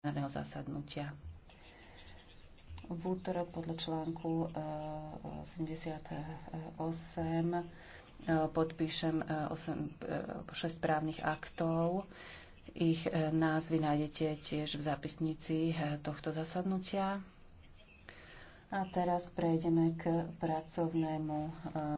plenárneho zasadnutia. V útorok podľa článku 88 eh, eh, podpíšem 8, eh, 6 právnych aktov. Ich názvy nájdete tiež v zápisnici tohto zasadnutia. A teraz prejdeme k pracovnému